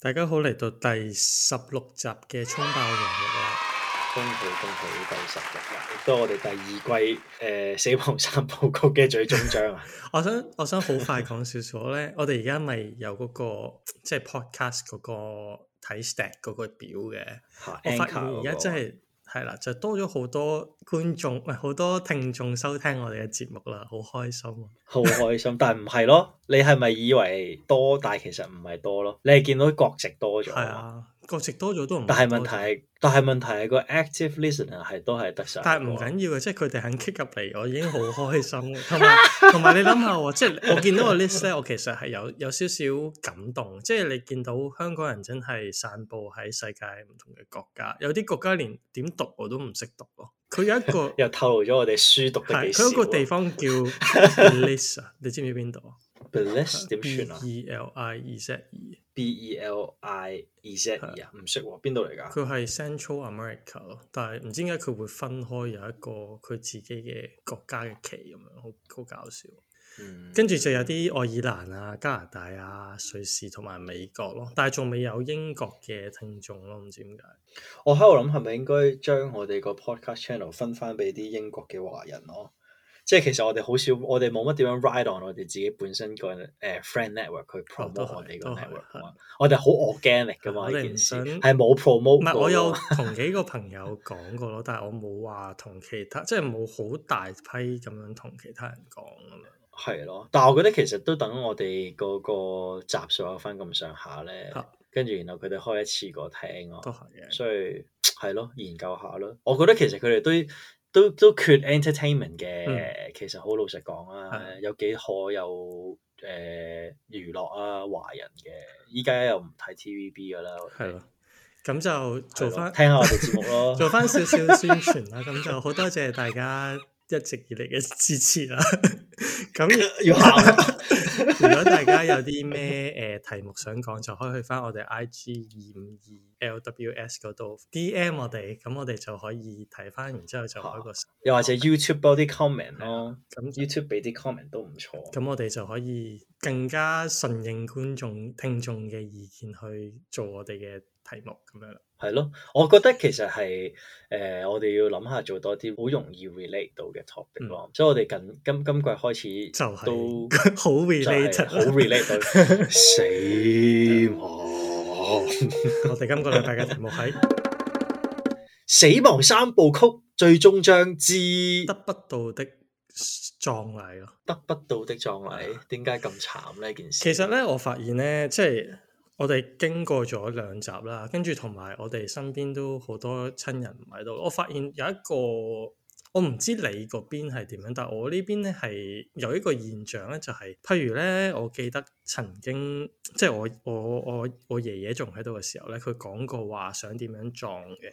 大家好，嚟到第十六集嘅《衝爆人物》啦，恭喜恭喜第十集，亦都我哋第二季、呃、死亡三部曲嘅最終章 我想我想好快講少少咧， 我哋而家咪有嗰、那個即係 podcast 嗰、那個睇 Stack 嗰個表嘅，啊、我發現而家真係。係啦，就多咗好多觀眾，唔係，好多聽眾收聽我哋嘅節目啦，好開心，啊！好開心，但係唔係咯？你係咪以為多，但係其實唔係多咯？你係見到國籍多咗。 係啊國籍多咗都唔，但係問題係，但係問題係個 active listener 係都係得上。但係唔緊要嘅，即係佢哋肯 kick 入嚟，我已經好開心。同埋，同埋你諗下， 即係我見到個 list 咧，我其實係有有少少感動。即係你見到香港人真係散步喺世界唔同嘅國家，有啲國家連點讀我都唔識讀咯。佢有一個 又透露咗我哋書讀得幾少，佢有一個地方叫 Belize 你知唔知邊度？Belize，B-E-L-I-Z-E。B E L I E Z E 啊，唔識喎，邊度嚟噶？佢係 Central America 咯，但係唔知點解佢會分開有一個佢自己嘅國家嘅旗咁樣，好好搞笑。跟住、嗯、就有啲愛爾蘭啊、加拿大啊、瑞士同埋美國咯，但係仲未有英國嘅聽眾咯，唔知點解、哦。我喺度諗，係咪應該將我哋個 podcast channel 分翻俾啲英國嘅華人咯？即係其實我哋好少，我哋冇乜點樣 ride on 我哋自己本身個誒 friend network 去 promote、哦、我哋個 network 啊是，的我哋好 organic 噶嘛呢件事，係冇 promote。我有同幾個朋友講過咯， 但係我冇話同其他，即係冇好大批咁樣同其他人講啊。係咯，但係我覺得其實都等我哋嗰個集數有翻咁上下咧，跟住的然後佢哋開一次過聽啊，都是所以係咯，研究下咯。我覺得其實佢哋都。都都缺 entertainment 嘅，嗯、其實好老實講的、呃、啊，有幾可有誒娛樂啊華人嘅，依家又唔睇 TVB 噶啦，係咯，咁就做翻聽下我哋節目咯， 做翻少少宣傳啦，咁 就好多謝大家。一直以嚟嘅支持啦，咁如果大家有啲咩誒題目想講，就可以去翻我哋 I G 二五二 L W S 嗰度 D M 我哋，咁我哋就可以睇翻，然之後就開個、啊，又或者 YouTube 畀啲 comment 咯。咁 YouTube 畀啲 comment 都唔錯。咁 我哋就可以更加順應觀眾、聽眾嘅意見去做我哋嘅。題目咁樣咯，係咯，我覺得其實係誒、呃，我哋要諗下做多啲好容易 relate 到嘅 topic 咯、嗯。吧所以我，我哋近今今季開始就係都好 relate，好 relate 到死亡。 我哋今個禮拜嘅題目係《 死亡三部曲最終章之得不到的葬禮》咯。得不到的葬禮，點解咁慘呢？件事呢其實咧，我發現咧，即係。我哋經過咗兩集啦，跟住同埋我哋身邊都好多親人唔喺度。我發現有一個，我唔知你嗰邊係點樣，但係我呢邊咧係有一個現象咧，就係、是，譬如咧，我記得曾經，即係我我我我爺爺仲喺度嘅時候咧，佢講過話想點樣葬嘅，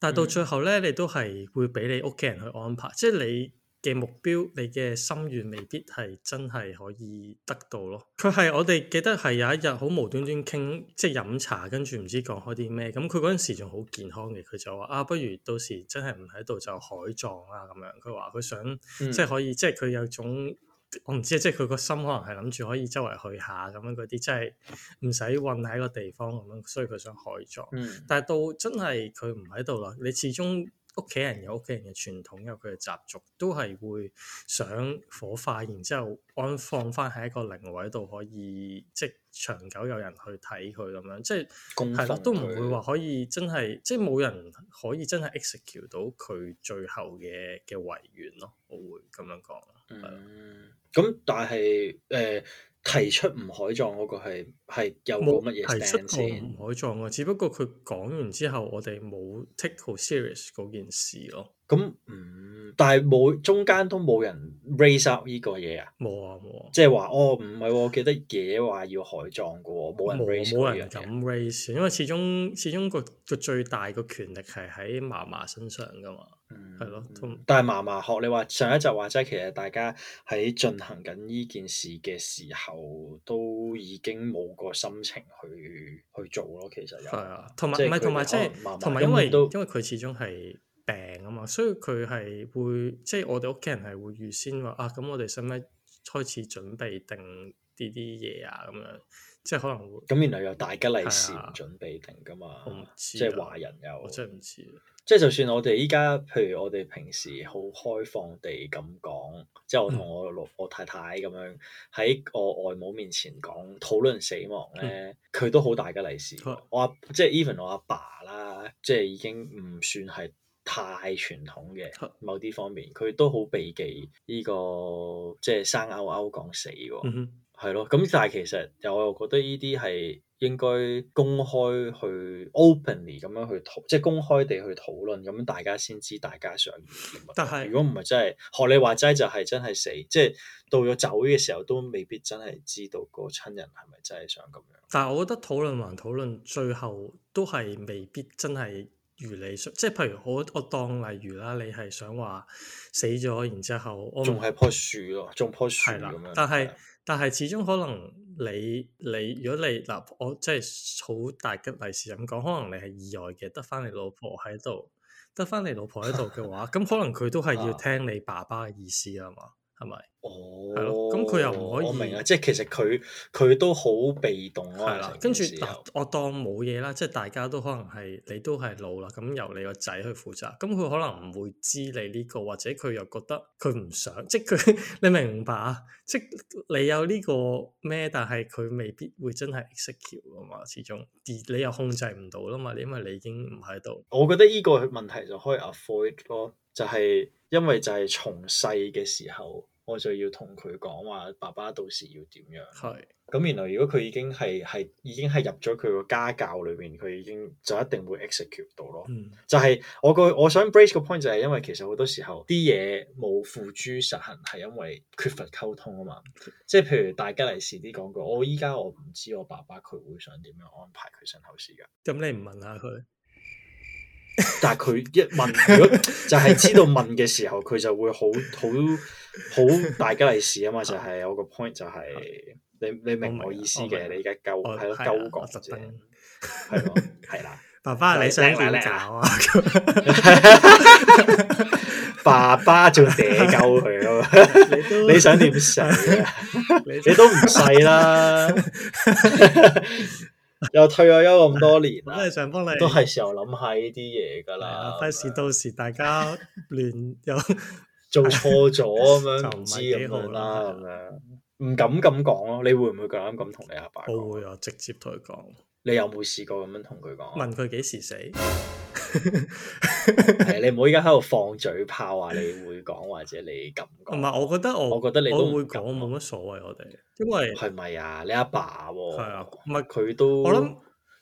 但係到最後咧，你都係會俾你屋企人去安排，嗯、即係你嘅目標，你嘅心願未必係真係可以得到咯。佢係我哋記得係有一日好無端端傾，即係飲茶，跟住唔知講開啲咩。咁佢嗰陣時仲好健康嘅，佢就話啊，不如到時真係唔喺度就海葬啊咁樣。佢話佢想即係可以，嗯、即係佢有種我唔知即係佢個心可能係諗住可以周圍去下咁樣嗰啲，即係唔使困喺個地方咁樣。所以佢想海葬。嗯、但係到真係佢唔喺度啦，你始終。屋企人有屋企人嘅傳統，有佢嘅習俗，都係會想火化，然之後安放翻喺一個靈位度，可以即係長久有人去睇佢咁樣，即係係咯，都唔會話可以真係即係冇人可以真係 execute 到佢最後嘅嘅遺願咯。我會咁樣講，係咯、嗯。咁係但係誒。呃提出唔海葬嗰個係係有過乜嘢 s 唔海葬啊，只不過佢講完之後，我哋冇 take serious 嗰件事咯。咁嗯，但係冇中間都冇人 raise up 呢個嘢啊？冇啊冇啊！即係話哦，唔係、啊，我記得爺爺話要海葬嘅喎，冇人冇冇人敢 raise，因為始終始終個個最大個權力係喺嫲嫲身上噶嘛。嗯，係咯、嗯，但係麻麻學你話上一集話即係，其實大家喺進行緊呢件事嘅時候，都已經冇個心情去去做咯。其實又係啊，同埋唔係同埋即係是，同埋，即係即係，因為因為佢始終係病啊嘛，所以佢係會即係、嗯、我哋屋企人係會預先話啊，咁我哋使唔使開始準備定啲啲嘢啊咁樣。即係可能會咁，然後又大吉利是唔準備定㗎嘛？即係華人又真係唔知。即係就算我哋依家，譬如我哋平時好開放地咁講，即係我同我老我太太咁樣喺、嗯、我外母面前講討論死亡咧，佢、嗯、都好大吉利是。嗯、我阿，即係 even 我阿爸啦，即係已經唔算係太傳統嘅、嗯嗯、某啲方面，佢都好避忌呢、呢個即係生勾勾講死喎。嗯係咯，咁但係其實又，我又覺得呢啲係應該公開去 openly 咁樣去討，即係公開地去討論，咁大家先知大家想點但係是，如果唔係真係學你話齋，就係真係死，即係到咗走嘅時候都未必真係知道個親人係咪真係想咁樣。但係我覺得討論還討論，最後都係未必真係如你想，即係譬如我我當例如啦，你係想話死咗，然後之後仲係棵樹咯，仲、嗯、棵樹咁樣，的但係是。但係始終，可能你你如果你，嗱，我即係好大吉利是咁講，可能你係意外嘅，得返你老婆喺度，得返你老婆喺度嘅話，咁 可能佢都係要聽你爸爸嘅意思啊嘛。 係咪？哦，咁佢，oh, 嗯、又唔可以，我明啊！即係其實佢佢都好被動咯。係啦，跟住，我當冇嘢啦，即係大家都可能係你都係老啦，咁由你個仔去負責。咁，嗯、佢可能唔會知你呢，這個，或者佢又覺得佢唔想，即係佢你明唔明白啊？即係你有呢個咩？但係佢未必會真係 execute 噶嘛，始終你又控制唔到啦嘛，你因為你已經唔喺度。我覺得呢個問題就可以 avoid 咯。就係因為就係從細嘅時候，我就要同佢講話，爸爸到時要點樣是？係咁，原來如果佢已經係係已經係入咗佢個家教裏邊，佢已經就一定會 execute 到咯。嗯、就係我個我想 brace 個 point 就係，因為其實好多時候啲嘢冇付諸實行，係因為缺乏溝通啊嘛。 即係譬如大家嚟遲啲講過，我依家我唔知我爸爸佢會想點樣安排佢身後事噶。咁你唔問下佢？ 但係佢一問，如果就係知道問嘅時候，佢就會好好好大吉利是啊嘛，就係、是、我個 point 就係、是、你 你明,你明我意思嘅，我你我而家溝係咯溝角啫，係咯係啦， 爸爸你想點啊？ 爸爸仲嗲溝佢啊嘛， 你想點死啊？ 你都唔細啦。 又退咗休咁多年啦， 都係想幫你，都係時候諗下呢啲嘢噶啦。費事到時大家亂又做錯咗咁樣，唔知幾好啦，咁 樣唔敢咁講咯。你會唔會咁啱咁同你阿爸，爸？會我會啊，直接同佢講。你有冇試過咁樣同佢講？ 問佢幾時死？誒， 你唔好依家喺度放嘴炮啊！你會講或者你噉講？唔係，我覺得我我覺得你都會講，冇乜所謂。我哋因為係咪啊？你阿爸係啊？唔係佢都我諗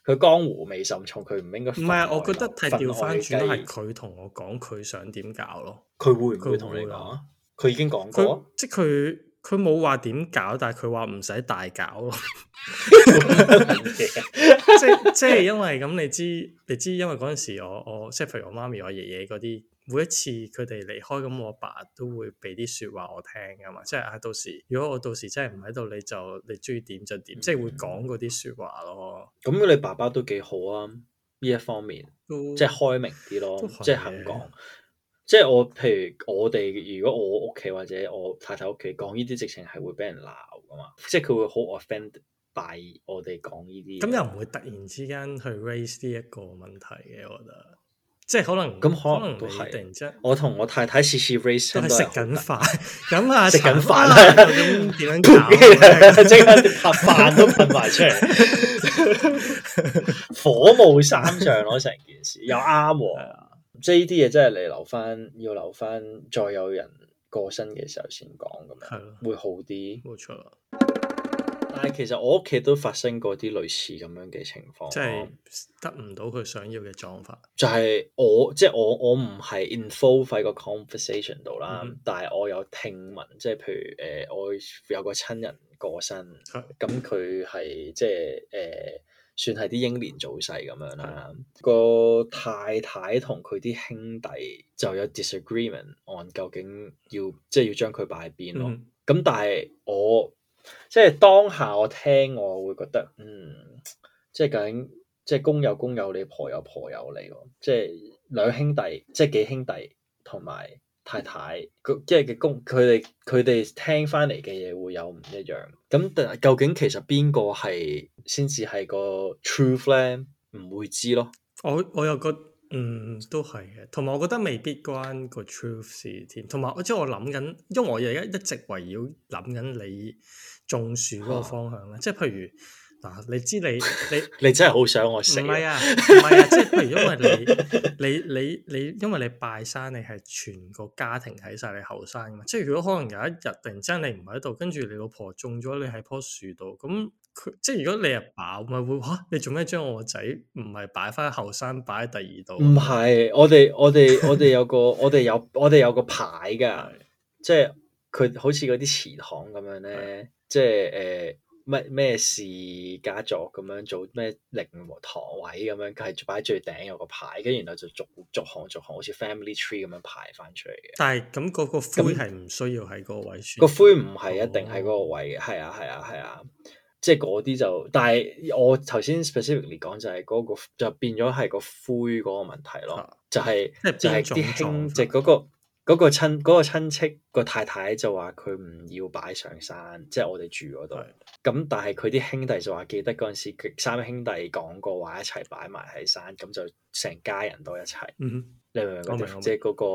佢江湖未甚重佢唔應該。唔係啊，我覺得提調返轉都係佢同我講佢想點搞咯。佢會佢會同你講？佢已經講過，即係佢。佢冇話點搞，但係佢話唔使大搞咯。 即即係因為咁，你知你知，因為嗰陣時我我即係譬如我媽咪我爺爺嗰啲，每一次佢哋離開，咁我阿爸，爸都會俾啲說話我聽噶嘛。即係啊，到時如果我到時真係唔喺度，你就你中意點就點，即係會講嗰啲說話咯。咁你爸爸都幾好啊。呢一方面，即係、嗯、開明啲咯，即係肯講。即係我，譬如我哋，如果我屋企或者我太太屋企講呢啲，直情係會俾人鬧噶嘛？即係佢會好 offend by 我哋講呢啲。咁又唔會突然之間去 raise 呢一個問題嘅？我覺得，即係可能咁可能都係突然我同我太太次次 raise 都食緊飯，咁啊，食緊飯啦，咁點樣搞？即刻啲盒飯都噴埋出嚟，火冒三丈咯！成件事又啱喎。有即係呢啲嘢，真係你留翻，要留翻，再有人過身嘅時候先講咁樣，的會好啲。冇錯。但係其實我屋企都發生過啲類似咁樣嘅情況，即係得唔到佢想要嘅狀況。就係我，即係我，我唔係 involve 喺個 conversation 度啦，嗯、但係我有聽聞，即係譬如誒、呃，我有個親人過身，咁佢係即係誒。呃算係啲英年早逝咁樣啦，個、mm. 太太同佢啲兄弟就有 disagreement on 究竟要即係、就是、要將佢擺喺邊咯。咁、mm. 但係我即係、就是、當下我聽我會覺得，嗯，即、就、係、是、究竟即係、就是、公有公有你，婆有婆有你，即係兩兄弟即係、就是、幾兄弟同埋。太太，即係嘅公，佢哋佢哋聽翻嚟嘅嘢會有唔一樣，咁但究竟其實邊個係先至係個 truth 咧？唔會知咯。我我又覺，嗯，都係嘅，同埋我覺得未必關個 truth 事添，同埋、就是、我即係我諗緊，因為我而家一直圍繞諗緊你種樹嗰個方向咧，啊、即係譬如。嗱，你知你你你真係好想我死，唔係啊，唔係啊，即係譬如因為你 你你你，你，因為你拜山，你係全個家庭喺晒你後山噶嘛，即係如果可能有一日突然之間你唔喺度，跟住你老婆種咗你喺樖樹度，咁佢即係如果你阿爸咪會話、啊，你做咩將我個仔唔係擺翻後山，擺喺第二度？唔係，我哋我哋我哋有個 我哋有我哋有個牌噶，即係佢好似嗰啲祠堂咁樣咧，即係誒。就是呃咩咩氏家族咁樣做咩靈和堂位咁樣，係擺喺最頂有個牌，跟住然後就逐逐行逐行，好似 family tree 咁樣排翻出嚟嘅。但係咁嗰個灰係唔、嗯、需要喺嗰個位算。嗰個灰唔係一定喺嗰個位嘅，係、哦、啊係啊係啊，啊，即係嗰啲就。但係我頭先 specifically 講就、嗰個，就係嗰個就變咗係個灰嗰個問題咯，啊、就係、係、就係啲輕即係嗰個。嗰個親嗰個親戚個太太就話佢唔要擺上山，即係我哋住嗰度。咁但係佢啲兄弟就話記得嗰陣時，三兄弟講過話一齊擺埋喺山，咁就成家人都一齊。嗯哼，你明唔明？我明，即係嗰個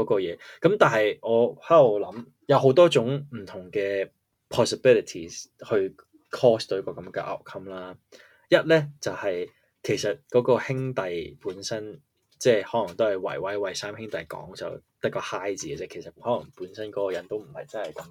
嗰個嘢。咁但係我喺度諗，有好多種唔同嘅 possibilities 去 cause 到一個咁嘅 outcome 啦。一咧就係其實嗰個兄弟本身。即係可能都係為威為三兄弟講就得個嗨字嘅啫，其實可能本身嗰個人都唔係真係咁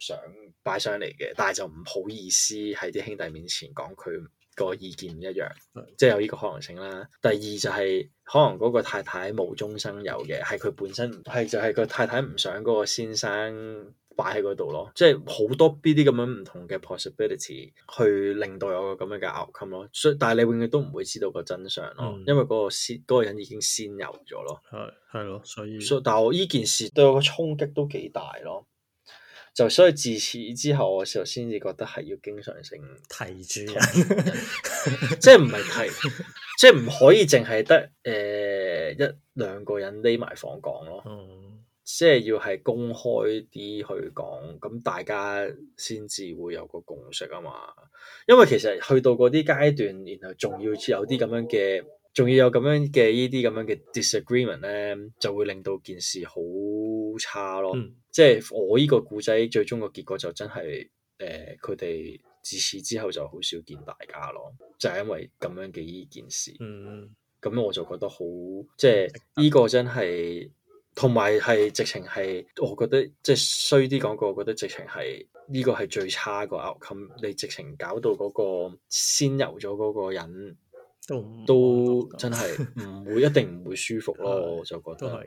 想擺上嚟嘅，但係就唔好意思喺啲兄弟面前講佢個意見唔一樣，即係有呢個可能性啦。第二就係、是、可能嗰個太太無中生有嘅，係佢本身係就係、是、個太太唔想嗰個先生，擺喺嗰度咯，即係好多呢啲咁樣唔同嘅 possibility 去令到有個咁樣嘅 outcome 咯。所以但係你永遠都唔會知道個真相咯，嗯、因為嗰、嗰個先、嗰個人已經先有咗咯。係係咯，所以。所以但係我依件事對我個衝擊都幾大咯，就所以自此之後我就先至覺得係要經常性提住著， 即係唔係提，即係唔可以淨係得誒、呃、一兩個人匿埋房講咯。嗯即係要係公開啲去講，咁大家先至會有個共識啊嘛。因為其實去到嗰啲階段，然後仲要有啲咁樣嘅，仲要有咁樣嘅依啲咁樣嘅 disagreement 咧，就會令到件事好差咯。嗯、即係我依個故仔最終個結果就真係，誒佢哋自此之後就好少見大家咯，就係、是、因為咁樣嘅依件事。嗯，咁我就覺得好，即係依個真係。同埋係直情係，我覺得即係衰啲講過，我覺得直情係呢個係最差個 outcome。你直情搞到嗰個先遊咗嗰個人，都，都真係唔會 一定唔會舒服咯。 我就覺得呢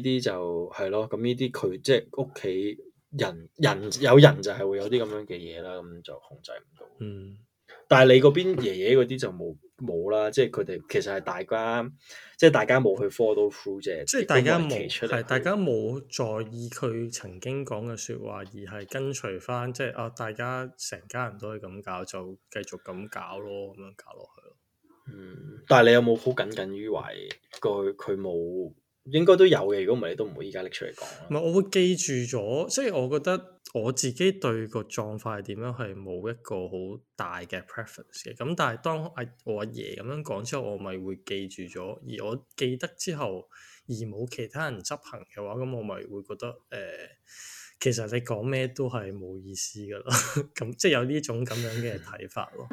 啲就係咯，咁呢啲佢即係屋企人人有人就係會有啲咁樣嘅嘢啦，咁就控制唔到。嗯。但係你嗰邊爺爺嗰啲就冇冇啦，即係佢哋其實係大家，即係大家冇去 follow through 啫。即係大家冇係，大家冇在意佢曾經講嘅説話，而係跟隨返，即係啊，大家成家人都係咁搞，就繼續咁搞咯，咁樣搞落去。嗯，嗯、但係你有冇好耿耿於懷過？佢冇，應該都有嘅。如果唔係，你都唔會依家拎出嚟講啦。唔係，我會記住咗，即係我覺得。我自己對個狀況係點樣係冇一個好大嘅 preference 嘅，咁但係當阿我阿爺咁樣講之後，我咪會記住咗。而我記得之後，而冇其他人執行嘅話，咁我咪會覺得誒、呃，其實你講咩都係冇意思噶喇。咁 即係有呢種咁樣嘅睇法咯。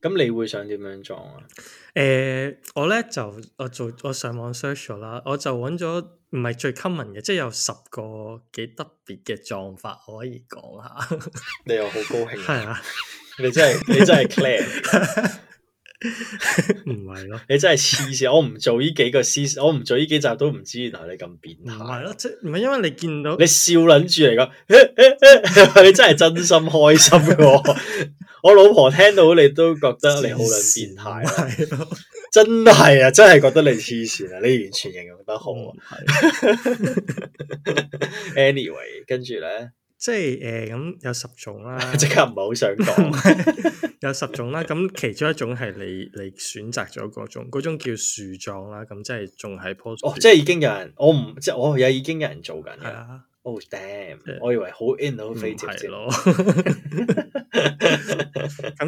咁、嗯、你會想點樣裝啊？誒、呃，我咧就我做我上網 search 咗啦，我就揾咗。唔係最 common 嘅，即係有十個幾特別嘅撞法，可以講下。 你又好高興，係啊！ 你真係 你真係 clear 唔係咯，你真係黐線，我唔做呢幾句，我唔做呢幾集都唔知，原來你咁變態。唔係咯，即唔係因為你見到你笑捻住嚟噶，你真係真心開心噶。我老婆聽到你都覺得你好捻變態，真係啊，真係覺得你黐線啊，你完全形容得好。 Anyway，跟住咧。即係誒，咁、呃、有十種啦、啊，即 刻唔係好想講。 有十種啦、啊，咁其中一種係你你選擇咗嗰種，嗰種叫樹葬啦。咁即係仲係棵樹。哦，即係已經有人，我唔即係我有已經有人做緊。係啊。哦，damn！我以為好 in 到飛起咯。咁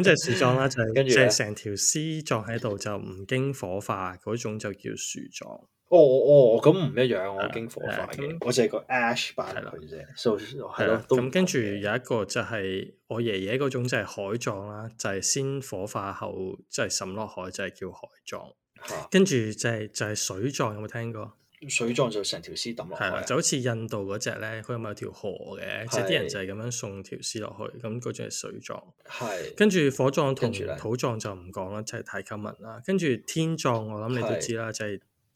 即就樹葬啦，就係跟住即係成條屍葬喺度，就唔經火化嗰種就叫樹葬。哦哦，咁唔一樣，我經火化嘅，我淨係個 Ash 擺落去啫。係咯，咁跟住有一個就係我爺爺嗰種，即係海葬啦，就係先火化後即係沈落海，就係叫海葬。跟住就係就係水葬，有冇聽過？水葬就成條屍抌落去，就好似印度嗰隻咧，佢有咪有條河嘅，即係啲人就係咁樣送條屍落去，咁嗰種係水葬。係，跟住火葬同土葬就唔講啦，即係太 common 啦。跟住天葬，我諗你都知啦，就係。即係西藏嗰啲係啦，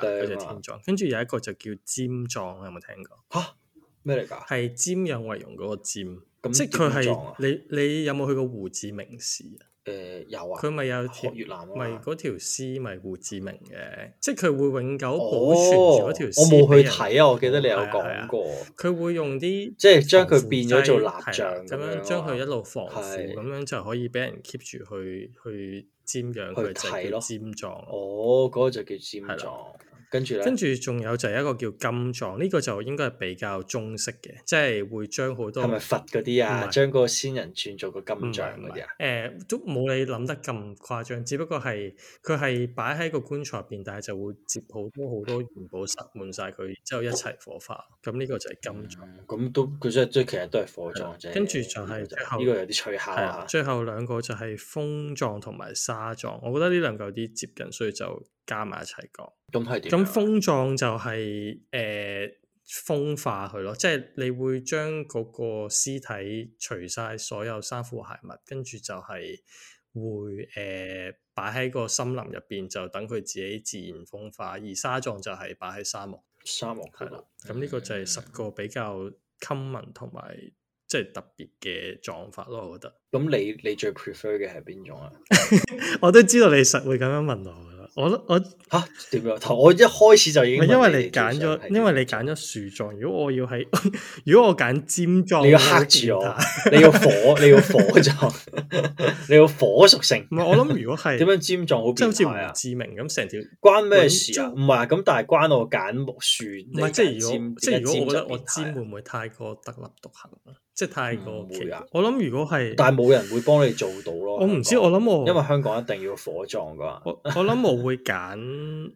嗰隻的天葬，跟住有一個就叫尖葬，有冇聽過？嚇咩嚟㗎？係尖仰慧容嗰個尖。嗯、即係佢係你你有冇去過胡志明市啊？誒、嗯、有啊！佢咪有條越南咯，咪嗰條屍咪胡志明嘅，即係佢會永久保存住嗰條屍。哦。我冇去睇啊！我記得你有講過，佢、啊嗯、會用啲即係將佢變咗做蠟像，咁樣將佢一路防腐，咁是樣就可以俾人 keep 住去去瞻仰佢，就叫瞻仰。哦，嗰、那個就叫瞻仰。跟住仲有就係一個叫金葬，呢、這個就應該係比較中式嘅，即係會將好多係咪佛嗰啲啊？將個仙人轉做個金葬啲啊？誒、呃，都冇你諗得咁誇張，只不過係佢係擺喺個棺材入邊，但係就會接好多好多元寶塞滿晒佢，之後一齊火化。咁呢、嗯、個就係金葬。咁、嗯、都佢即係即係其實都係火葬啫。跟住就係最後呢個有啲吹下。係啊，最後兩個就係風葬同埋沙葬。我覺得呢兩個有啲接近，所以就。加埋一齊講，咁係點？咁風葬就係誒風化佢咯，即係你會將嗰個屍體除晒所有衫褲鞋襪，跟住就係會誒擺喺個森林入邊，就等佢自己自然風化。而沙葬就係擺喺沙漠，沙漠係啦。咁呢個就係十個比較襟民同埋即係特別嘅葬法咯。我覺得，咁你你最 prefer 嘅係邊種啊？ 我都知道你實會咁樣問我。我我吓，點樣頭？我一開始就已經因為你揀咗，因為你揀咗樹狀。如果我要喺，如果我揀尖狀，你要克住我， 你要火，你要火狀，你要火屬性。唔係我諗，如果係點樣尖狀好變態啊？唔知名咁成條關咩事？啊尖？唔係咁，但係關我揀木樹。唔係即係如果即係如果我覺得我尖會唔會太過特立獨行啊？即係太過，啊、我諗如果係，但係冇人會幫你做到咯。我唔知，港我諗我因為香港一定要火葬噶。我我諗我會揀，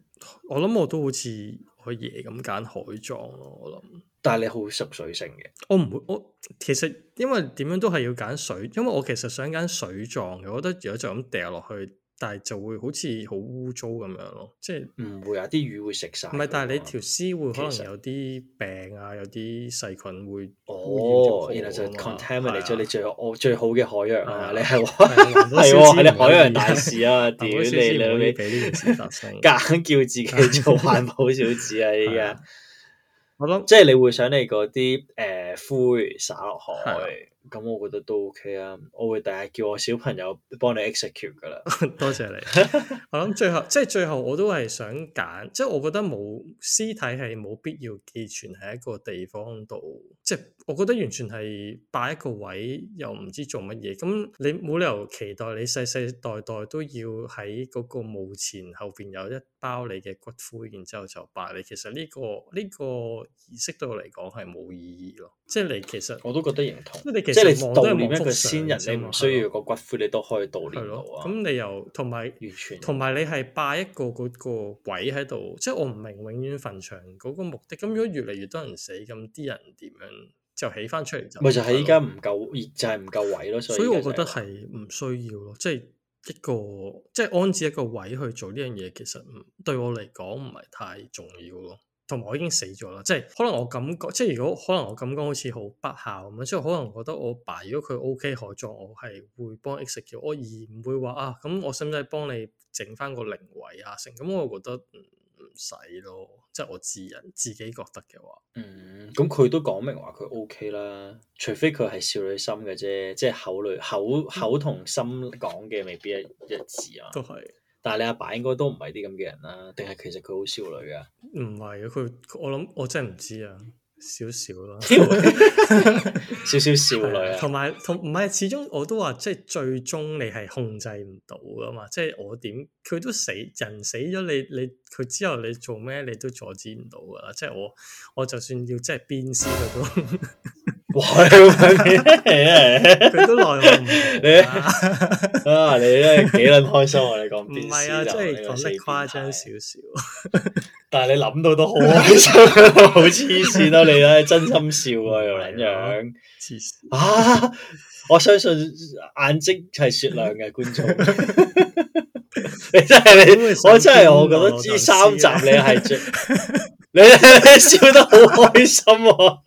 我諗我都好似去爺咁揀海葬咯。我諗，但係你好熟水性嘅，我唔會。我其實因為點樣都係要揀水，因為我其實想揀水葬嘅。我覺得如果就咁掉落去。但係就會好似好污糟咁樣咯，即係唔會有啲魚會食晒。唔係，但係你條屍會可能有啲病啊，有啲細菌會。哦，然後就 contaminate 咗你最我最好嘅海洋啊！你係係喎，係你海洋大事啊！屌你你，俾呢件事發生，梗叫自己做環保小子啊！依家我諗，即係你會想你嗰啲誒灰灑落海。咁我覺得都 OK 啊，我會第日叫我小朋友幫你 execute 噶啦。 多謝你，我諗最後即係最後我都係想揀， 即係我覺得冇屍體係冇必要寄存喺一個地方度，即係我覺得完全係擺一個位又唔知做乜嘢。咁你冇理由期待你世世代代都要喺嗰個墓前後邊有一包你嘅骨灰，然之後就擺你。其實呢、呢個呢、呢個儀式對我嚟講係冇意義咯。即係你，其實我都覺得認同。即係你望到悼念一個先人，你唔需要個骨灰，你都可以悼念到啊。咁你又同埋完全，同埋你係霸一個嗰個位喺度。即係我唔明永遠墳場嗰個目的。咁如果越嚟越多人死，咁啲人點樣就起翻出嚟就？咪就係依家唔夠，就係唔夠位咯。所以，就是，所以我覺得係唔需要咯。即係一個即係安置一個位去做呢樣嘢，其實唔對我嚟講唔係太重要咯。同埋我已經死咗啦，即係可能我感覺，即係如果可能我感覺好似好不孝咁樣，即係可能覺得我爸如果佢 O K 可作，我係會幫 ex 叫，啊、我而唔會話啊，咁，我使唔使幫你整翻個靈位啊？成咁我覺得唔使咯，即係我自人自己覺得嘅話。嗯，咁佢都講明話佢 O K 啦，除非佢係少女心嘅啫，即係口裡口口同心講嘅未必一一致啊。都係。但係你阿爸，爸應該都唔係啲咁嘅人啦，定係其實佢好少女噶？唔係啊，佢我諗我真係唔知啊，少少啦， 少，少少少女啊。同埋同唔係始終我都話即係最終你係控制唔到噶嘛，即係我點佢都死人死咗你你佢之後你做咩你都阻止唔到噶啦，即係我我就算要即係鞭屍佢都。 哇！佢 都來喎、啊，你 啊！你咧幾撚開心啊？你講邊唔係啊，即係講得誇張少少。點點 但係你諗到都好開心，好黐線咯！ 你咧真心笑啊，又咁樣黐線啊！我相信眼睛係雪亮嘅觀眾， 你真係的你，我真係我覺得呢三集你係最。 你笑得好開心啊、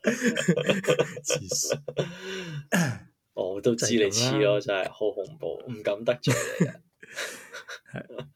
哦！我都知你黐咯，真係好恐怖，唔 敢得罪你。係，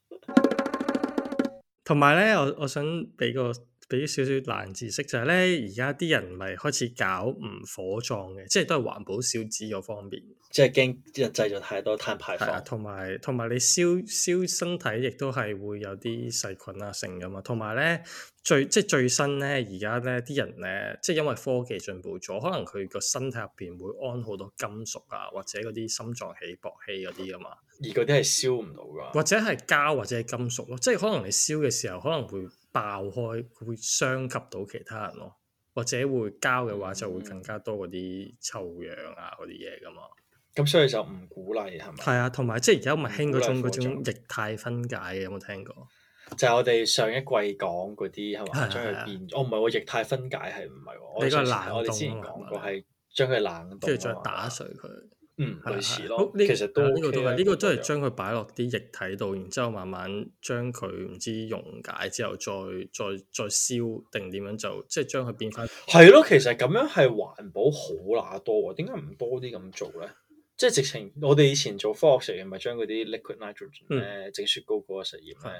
同埋咧，我我想畀個。俾少少難知識就係咧，而家啲人咪開始搞唔火葬嘅，即係都係環保小紙嗰方面。即係驚啲人製造太多碳排放。同埋同埋你燒燒身體，亦都係會有啲細菌啊剩噶嘛。同埋咧最即係最新咧，而家咧啲人咧，即係因為科技進步咗，可能佢個身體入邊會安好多金屬啊，或者嗰啲心臟起搏器嗰啲噶嘛。而嗰啲係燒唔到㗎。或者係膠，或者係金屬咯，即係可能你燒嘅時候可能會，爆開會傷及到其他人咯，或者會膠嘅話就會更加多嗰啲臭氧啊嗰啲嘢噶嘛。咁、嗯、所以就唔鼓勵係咪？係啊，同埋即係而家咪興嗰種嗰種液態分解嘅，有冇聽過？就係我哋上一季講嗰啲係嘛，將佢、啊啊、變，我唔係喎，液態分解係唔係喎？比較難，我哋、嗯、之前講過係將佢冷凍，跟住吧再打碎佢。嗯，類似咯。呢好其實都呢個都係呢個都係將佢擺落啲液體度，然之後慢慢將佢唔知溶解之後再，再再再燒定點樣就即係將佢變翻。係咯，其實咁樣係環保好難多，點解唔多啲咁做咧？即係直情我哋以前做科學實驗，咪將嗰啲 liquid nitrogen 咧整、嗯、雪糕嗰個實驗咧，嗯、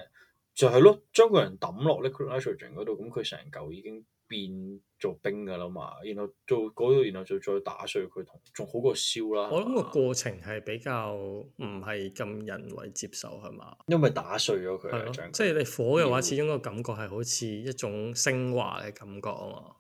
就係咯，將的個人抌落 liquid nitrogen 嗰度，咁佢成嚿已經。變做冰噶啦嘛，然後做嗰度，然後就再打碎佢，仲好過燒啦。我諗個過程係比較唔係咁人為接受係嘛，因為打碎咗佢，的解即係你火嘅話，始終個感覺係好似一種升華嘅感覺啊嘛。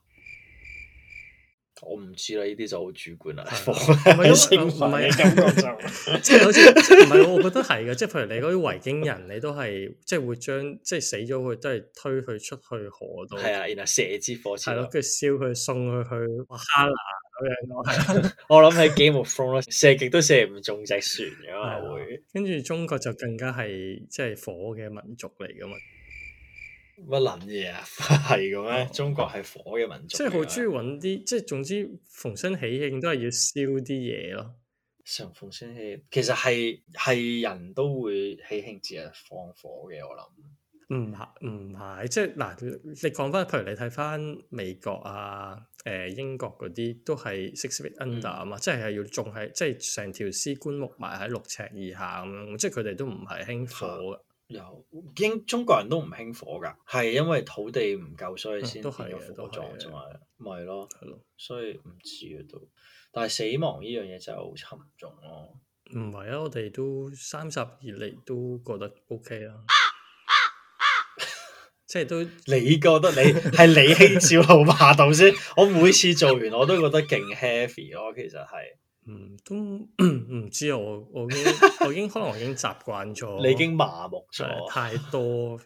我唔知啦，呢啲就好主觀啦，火嘅成分嘅感覺就即、是、係是 好似唔係我覺得係嘅，即、就、係、是、譬如你嗰啲維京人，你都係即係會將即係、就是、死咗佢都係推佢出去河度，係啊，然後射支火箭，咯，跟住燒佢，送佢去哇哈啦，我諗喺 Game of Thrones 射極都射唔中隻船咁、啊。嘛跟住中國就更加係即係火嘅民族嚟嘅嘛。乜撚嘢啊？係咁咩？中國係火嘅民族？哦，即係好中意揾啲，即係總之逢春喜慶都係要燒啲嘢咯。常逢春喜慶，其實係係人都會喜慶，節日放火嘅。我諗唔係唔係，即係嗱，你講翻，譬如你睇翻美國啊，誒、呃、英國嗰啲都係 six feet under 啊嘛，嗯，即係係要仲喺即係成條屍棺木埋喺六尺以下咁樣，即係佢哋都唔係興火嘅。嗯有，英中國人都唔興火㗎，係因為土地唔夠，所以先變咗火葬啫嘛。咪咯、嗯了，所以唔知啊都，但係死亡呢樣嘢就沉重咯。唔係、嗯、啊，我哋都三十以嚟都覺得 OK 啊， 即係都你覺得你係你喺燒爐馬度先， 我每次做完我都覺得勁 heavy 咯，其實係。唔、嗯、都唔知啊！我我，我已經 我已經可能已經習慣咗，你已經麻木咗，太多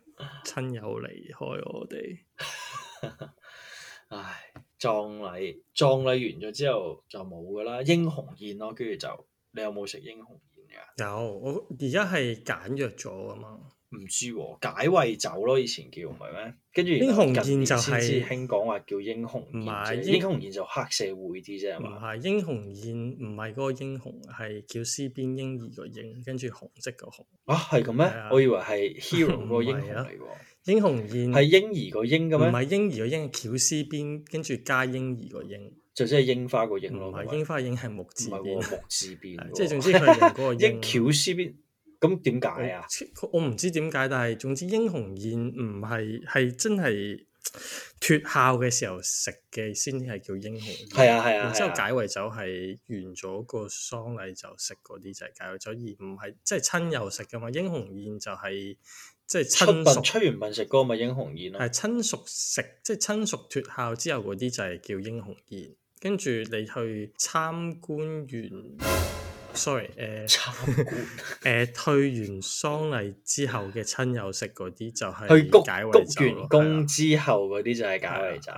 親友離開我哋。 唉，葬禮，葬禮完咗之後就冇噶啦，嗯、英雄宴咯，跟住就你有冇食英雄宴噶？有，我而家係簡約咗噶嘛。唔知解穢酒咯，以前叫唔係咩？跟住英雄宴就係興講話叫英雄宴，英雄宴就黑社會啲啫，係咪？唔係英雄宴，唔係嗰個英雄，係絞絲邊嬰兒個英，跟住紅色個紅。啊，係咁咩？我以為係 hero 個英嚟嘅。英雄宴係嬰兒個英嘅咩？唔係嬰兒個英，絞絲邊跟住加嬰兒個英，就即係櫻花個英咯。唔係櫻花英係木字邊，木字邊，即係總之佢用嗰個英咁點解啊？我唔知點解，但係總之英雄宴唔係係真係脱孝嘅時候食嘅，先係叫英雄宴。係啊係啊。啊啊然之後解穢酒係完咗個喪禮就食嗰啲就係解穢酒，而唔係即係親友食噶嘛。英雄宴就係即係親屬出完殯食嗰個咪英雄宴咯。係親屬食即係親屬脱孝之後嗰啲就係叫英雄宴。跟住你去參觀完。Sorry，誒，誒退完喪禮之後嘅親友食嗰啲就係解穢酒，酒。去鞠鞠完躬之後嗰啲就係解穢酒，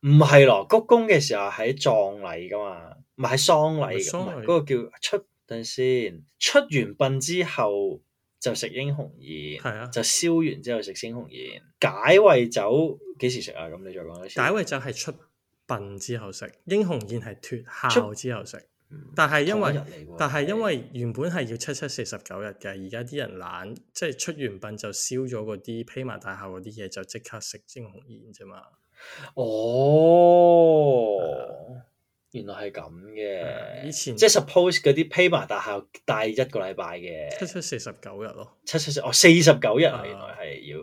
唔係咯？鞠躬嘅時候喺葬禮㗎嘛，唔係喪禮。嗰、嗰個叫出等先，出完殯之後就食英雄宴，了就燒完之後食英雄宴。解穢酒幾時食啊？咁你再講一次。解穢酒係出殯之後食，英雄宴係脫孝之後食。出 但係因為，但係因為原本係要七七四十九日嘅，而家啲人懶，即係出完殯就燒咗嗰啲披麻大孝嗰啲嘢，就即刻食蒸紅宴啫嘛。哦，原來係咁嘅。以前即係 suppose 嗰啲披麻大孝帶一個禮拜嘅，七七四十九日咯，七七四哦四十九日啊，啊原來係要。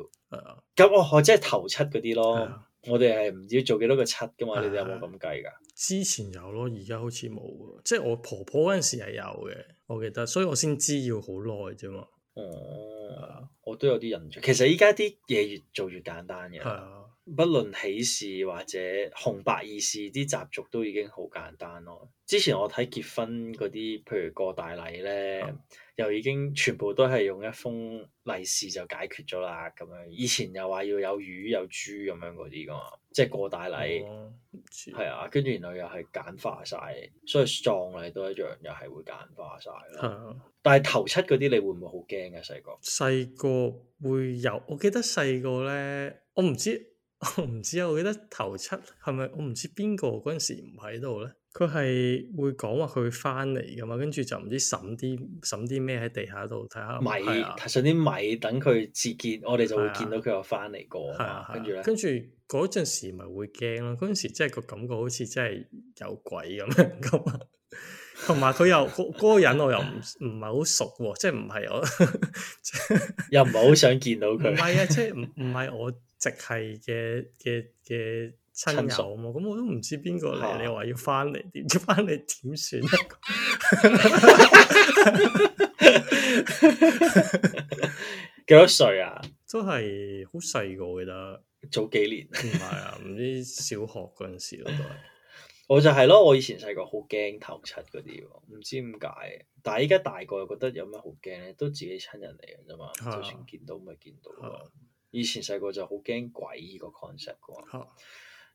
咁哦、啊，即係頭七嗰啲咯，啊、我哋係唔知要做幾多個七噶嘛？你哋有冇咁計噶？啊之前有咯，而家好似冇，即係我婆婆嗰陣時係有嘅，我記得，所以我先知要好耐啫嘛。哦、嗯，的我都有啲印象。其實依家啲嘢越做越簡單嘅，係啊的。不論喜事或者紅白二事啲習俗都已經好簡單咯。之前我睇結婚嗰啲，譬如過大禮咧。嗯又已經全部都係用一封利是就解決咗啦，咁樣以前又話要有魚有豬咁樣嗰啲噶，即係過大禮，係啊，跟住、啊、然後又係簡化晒，所以葬禮都一樣又係會簡化晒。咯、啊。但係頭七嗰啲你會唔會好驚呀？細個？細個會有，我記得細個咧，我唔知我唔知啊，我記得頭七係咪我唔知邊個嗰陣時唔喺度咧。佢係會講話佢會翻嚟噶嘛，跟住就唔知審啲審啲咩喺地下度睇下咪，睇米、嗯、上啲米等佢自結，我哋就會見到佢又翻嚟過。跟住嗰陣時咪會驚咯，嗰陣時即係個感覺好似真係有鬼咁樣咁啊。同埋佢又嗰、嗰個人我又唔唔係好熟喎，即係唔係我， 又唔係好想見到佢。唔係啊，即係唔唔係我直係嘅嘅嘅。親友嘛，咁入、嗯、我都唔知邊個嚟。啊、你話要翻嚟，點知翻嚟點算？幾 多歲啊？都係好細個，記得早幾年。唔 係啊，唔知小學嗰陣時都係。 我就係咯，我以前細個好驚頭七嗰啲，唔知點解。但係依家大個又覺得有咩好驚咧？都自己親人嚟嘅啫嘛，就算見到就見到咪見到。以前細個就好驚鬼依個 concept。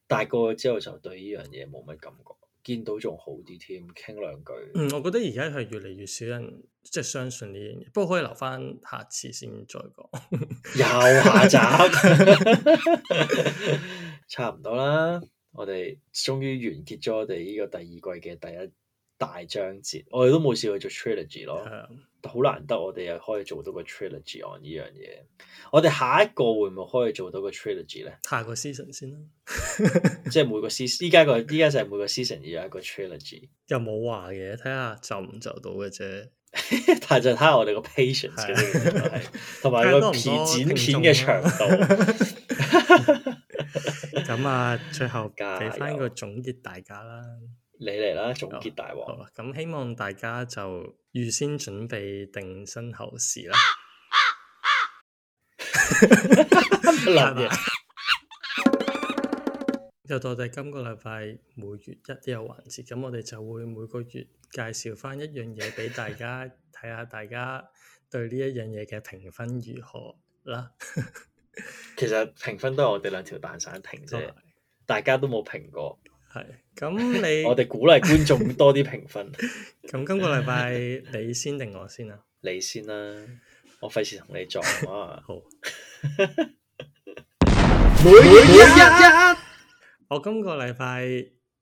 大個之後就對呢樣嘢冇乜感覺，ra, 見到仲好啲添，傾兩句。嗯，我覺得而家係越嚟越少人即係、就是、相信呢樣嘢，不過可以留翻下次先再講。 又下集， 差唔多啦，我哋終於完結咗我哋呢個第二季嘅第一大章節，我哋都冇試過做 trilogy 咯。好難得，我哋又可以做到個 trilogy 呢樣嘢。我哋下一個會唔會可以做到個 trilogy 咧？下個 season 先啦，啊， 即係每個 season。依家個依家就係每個 season 要有一個 trilogy， 又冇話嘅，睇下 就唔就到嘅啫。但係就睇下我哋個 patience，同埋個片剪片嘅長度。咁 啊，最後介俾翻個總結大家啦。你嚟啦，總結大鑊。咁、oh, 嗯、希望大家就預先準備定身後事啦。又到我哋今個禮拜每月一有環節，咁我哋就會每個月介紹翻一樣嘢畀大家睇下， 看看大家對呢一樣嘢嘅評分如何啦。 其實評分都係我哋兩條蛋散評啫， 大家都冇評過。係，咁你 我哋鼓勵觀眾多啲評分。咁 今個禮拜你先定我先啊？你先啦，我費事同你撞啊！ 好。每日每日，我今個禮拜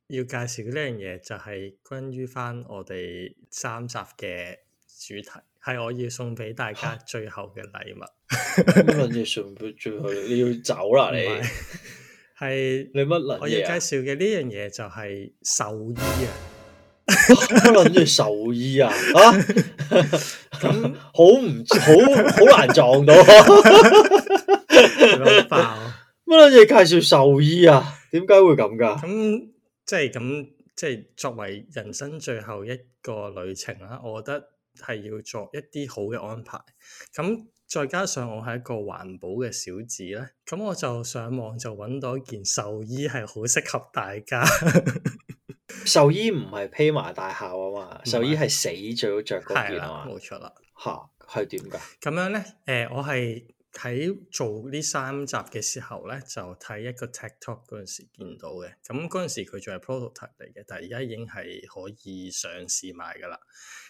要介紹呢樣嘢，就係關於翻我哋三集嘅主題，係我要送俾大家最後嘅禮物。算唔到最後，你要走啦你。 係，你乜，我要介紹嘅呢樣嘢就係壽衣啊，啊！諗住壽衣啊，啊？咁 那 好唔好好難撞到，點解爆？乜諗住介紹壽衣啊？點解會咁噶？咁即係咁，即係作為人生最後一個旅程啦，我覺得係要作一啲好嘅安排咁。再加上我係一個環保嘅小子咧，咁我就上網就揾到一件壽衣係好適合大家。 壽衣唔係披麻大孝啊嘛，壽衣係死最好着嗰件啊嘛，冇錯啦。吓？係點噶？咁樣咧，誒、呃，我係。喺做呢三集嘅時候咧，就睇一個 TikTok 嗰陣時見到嘅。咁嗰陣時佢仲係 prototype 嚟嘅，但係而家已經係可以上市賣㗎喇。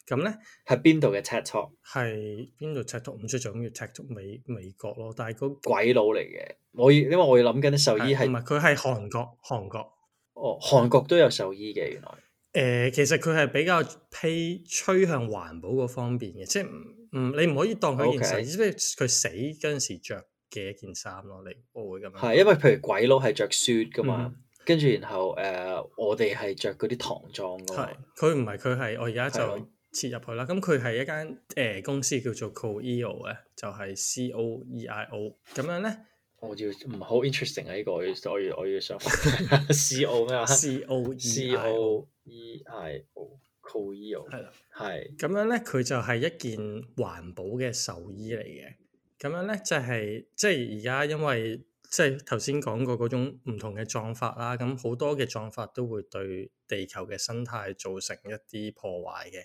咁咧係邊度嘅 TikTok 係邊度 TikTok 唔出咗，仲要 TikTok 美美國咯？但係、個鬼佬嚟嘅。我要因為我要諗緊啲獸醫係唔係佢係韓國？韓國哦，韓國都有獸醫嘅原來。誒、呃，其實佢係比較趨向環保嗰方面嘅，即唔。嗯，你唔可以當佢 Okay. 一件衫，即係佢死嗰陣時著嘅一件衫咯。你會咁樣。係，因為譬如鬼佬係着雪噶嘛，嗯、跟住然後誒、呃，我哋係着嗰啲唐裝噶嘛。佢唔係，佢係我而家就切入去啦。咁佢係一間誒、呃、公司叫做 Coeio 咧，就係 C O E I O 咁樣咧。我要唔好 interesting 啊？呢個所以我要上 CO 麼 C O 咩 c O C O E O。E o e o. 係啦，係的。咁的樣咧，佢就係一件環保嘅壽衣嚟嘅。咁樣咧，就係即係而家因為即係頭先講過嗰種唔同嘅葬法啦，咁好多嘅葬法都會對地球嘅生態造成一啲破壞嘅，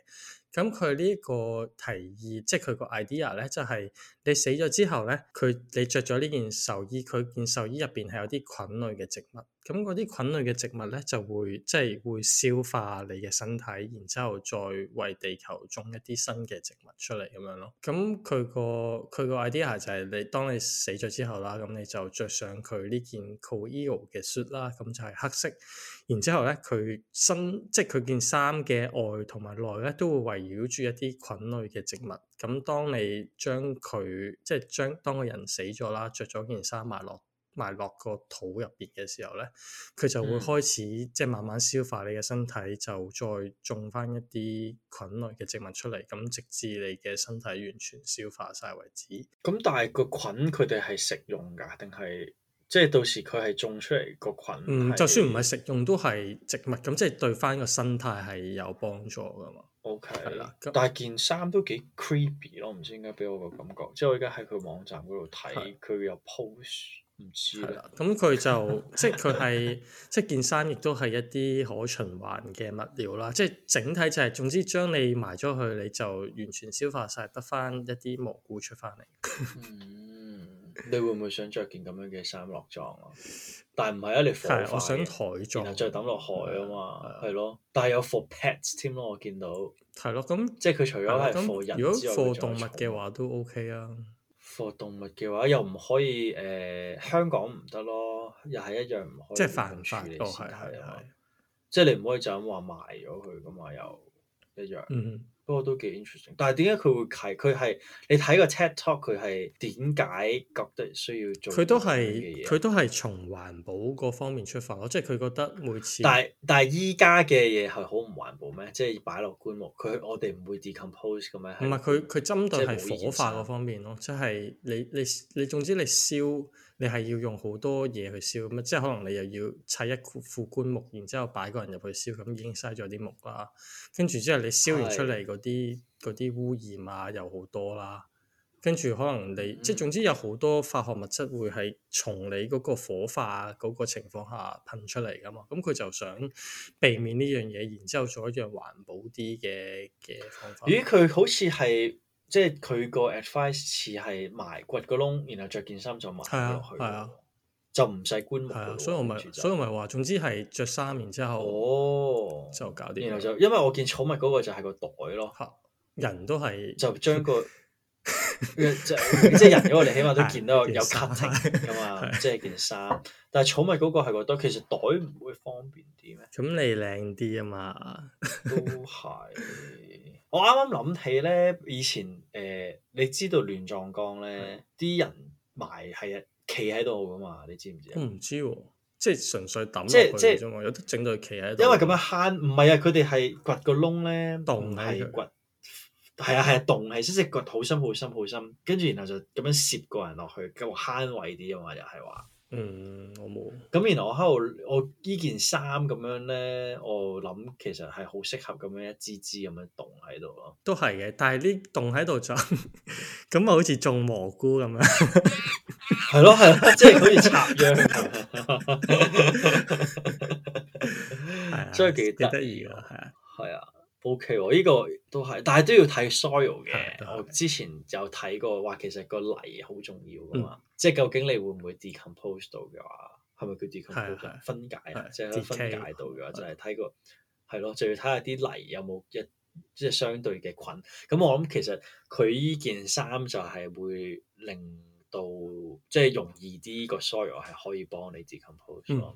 咁佢呢個提議，即係佢個 idea 咧，就係、是、你死咗之後咧，佢你着咗呢件壽衣，佢件壽衣入邊係有啲菌類嘅植物，咁嗰啲菌類嘅植物咧就會即係、就是、會消化你嘅身體，然之後再為地球種一啲新嘅植物出嚟咁樣咯。咁佢個佢個 idea 就係你當你死咗之後啦，咁你就着上佢呢件 Coeio 嘅 suit 啦，咁就係黑色。然之後咧，佢身即係佢件衫嘅外同埋內咧，都會圍繞住一啲菌類嘅植物。咁當你將佢即係將當個人死咗啦，着咗件衫埋落埋落個肚入邊嘅時候咧，佢就會開始、嗯、即係慢慢消化你嘅身體，就再種翻一啲菌類嘅植物出嚟。咁直至你嘅身體完全消化晒為止。咁、嗯、但係個菌佢哋係食用㗎定係？即係到時佢係種出嚟個菌，嗯，就算唔係食用都係植物，咁即係對翻個生態係有幫助㗎嘛？OK，係啦。Okay，但係件衫都幾 creepy 咯，唔知點解俾我個感覺。即係我而家喺佢網站嗰度睇，佢的有 post，唔知啦。咁佢就 即係佢係即件衫，亦都係一啲可循環嘅物料啦。 即係整體就係、係、總之將你埋咗去，你就完全消化晒，得翻一啲蘑菇出翻嚟。 你會唔會想着件咁樣嘅衫落裝啊？但唔係啊，你火化嘅，然後再抌落海啊嘛，係咯。但係有 for pets 添咯，我見到。係咯，咁即係佢除咗係 for 人之外，如果 for 動物嘅話都 OK 啊。for 動物嘅話又唔可以誒，香港唔得咯，又係一樣唔可以。即係犯法嘅事係啊，即係你唔可以就咁話埋咗佢咁話又一樣。嗰個都幾 interesting，但係點解佢會係佢係你睇個 chat talk 佢係點解覺得需要做佢都係佢都係從環保嗰方面出發咯，即係佢覺得每次。但係但係依家嘅嘢係好唔環保咩？即係擺落棺木，佢我哋唔會 decompose 㗎咩？唔係佢佢針對係火化嗰方面咯，就即係你你你總之你燒。你係要用好多嘢去燒咁，即係可能你又要砌一副棺木，然之後擺個人入去燒，咁已經嘥咗啲木啦。跟住之後你燒完出嚟嗰啲啲污染啊，又好多啦。跟住可能你即係總之有好多化學物質會係從你嗰個火化嗰個情況下噴出嚟㗎嘛。咁佢就想避免呢樣嘢，然之後做一樣環保啲嘅嘅方法。咦？佢好似係。即係佢個 advice 似係埋骨個窿，然後着件衫就埋入去，係啊，啊就唔使棺木，啊。所以我咪，所以我咪話，總之係着衫，然之後哦，就搞掂。然後就因為我見寵物嗰個就係個袋咯，人都係就將個 就即係人嗰個你起碼都見到有感情噶嘛，即係件衫， 啊。但係寵物嗰個係個袋，其實袋唔會方便啲咩？咁你靚啲啊嘛，都係。我啱啱諗起咧，以前誒、呃，你知道亂葬崗咧，啲是的 人埋係啊，企喺度噶嘛，你知唔知，知啊？我唔知喎，即係純粹抌落去啫嘛，有啲整到企喺度。因為咁樣慳，唔係啊！佢哋係掘個窿咧，洞係掘，係啊係啊，洞係即係掘好深好深好深，跟住然後就咁樣攝個人落去，夠慳位啲啊嘛，又係話。嗯，我冇。咁原來我喺度，我呢件衫咁樣咧，我諗其實係好適合咁樣一支支咁樣凍喺度咯。都係嘅，但係呢凍喺度就咁啊，好似種蘑菇咁樣，係咯係咯，即係、就是、好似插秧 的，最記得，幾得意嘅係啊。OK，呢個都係，但係都要睇 soil 嘅。我之前有睇過，話其實個泥好重要噶嘛，即係究竟你會唔會 decompose 到嘅話，係咪叫 decompose 分解啊？即係分解到嘅話，就係睇個係咯，就要睇下啲泥有冇一即係相對嘅菌。咁我諗其實佢依件衫就係會令到即係容易啲個 soil 係可以幫你 decompose